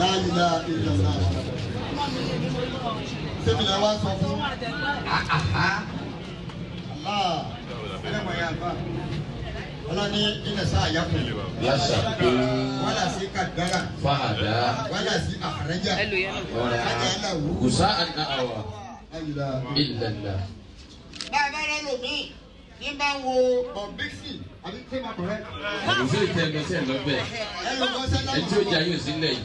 láàyìnlá ìjọba sẹ́mìnà wa sọ fún ọlọ́ni ilẹ̀ sáà yà kù. yasa pé. wàlà sí kàdára. fàdà. wàlà sí àrẹ́jà. wàlà kùsà àná àwà. ìlànà. bàbá rẹ lò mí ní bá wo bọ̀bíkì àbí tí ma àbùsí ìtẹ̀gbẹ́sẹ̀ lọ́bẹ̀ ẹ tí ó jẹ́ ayé òsínlẹ̀ yìí.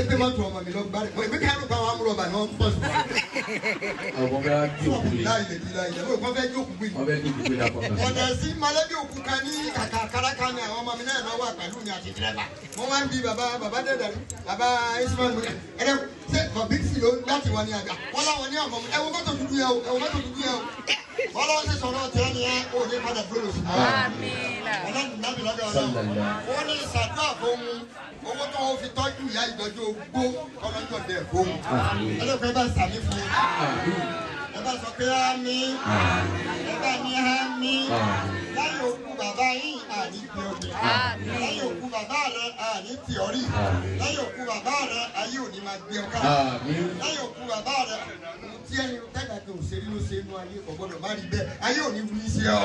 ebi ma tu ọmọ mi lọ gbari mọ ebi kẹrin pa àwọn amúlọba ni wọn pọ sùn. ọmọ bẹ ju òkú yìí láyé lè di láyé lè wọ́n fẹ́ ju òkú yìí. wọ́n fẹ́ ju òkú yìí lápapọ̀. ọ̀dẹ̀ sí malẹ́bí òkú kan ní kàkà káraká ni àwọn ọmọ mi náà náà wà pẹ̀lú mi àti dírẹ́bà wọ́n máa ń bi bàbá bàbá dẹ́dẹ̀ rí bàbá ismail mú ẹ̀rẹ́ ṣé kọ̀bí sí ló láti wọn ni àgbà wọ́n láwọn ní ọmọ mi ẹ̀wọ̀n mọ́tò dúdú yẹ o ẹ̀wọ̀n mọ́tò dúdú yẹ o ọlọ́run ti sọ̀rọ̀ ọ̀tẹ̀ ẹ̀ ni ẹ̀ ò ní padà dúró lóṣù. ọlọ́run nábìlọ́dọ̀ ọlọ́run ó ní ìsà ohun owó tó wọ́n fi tọ́jú ìyá ìjọjọ́ gbó kọ́lọ́jọ́ dẹ̀ fóun. ẹlẹ́kọ̀ọ́ bá sàmì fún un. ẹ bá sọ pé á mí ẹ bá ní á mí láyé òkú bàbá yín àní ti omi láyé òkú bàbá rẹ àní ti orí láyé òkú bàbá rẹ ayé òní máa gbé ọkà láyé òkú bàbá rẹ tí ẹni tẹ́gbàgbé òṣèlú ṣe inú ayé kò má rí bẹ́ẹ̀ ayé òní wúlí ṣe ọ́.